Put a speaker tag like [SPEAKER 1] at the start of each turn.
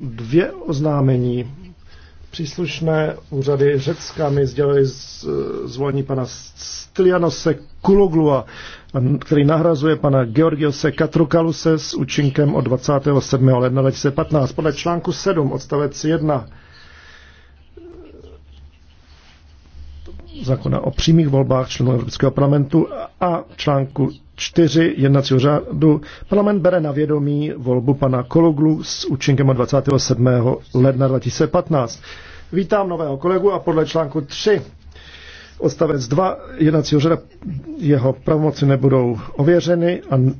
[SPEAKER 1] Dvě oznámení. Příslušné úřady Řecka mi sdělili zvolení pana Stylianose Kuloglua, který nahrazuje pana Georgiose Katrukaluse s účinkem od 27. ledna 2015. Podle článku 7 odstavec 1 zákona o přímých volbách členů Evropského parlamentu a článku 4 jednacího řádu parlament bere na vědomí volbu pana Kologlu s účinkem od 27. ledna 2015. Vítám nového kolegu a podle článku 3 odstavec 2 jednacího řada jeho pravomoci nebudou ověřeny
[SPEAKER 2] a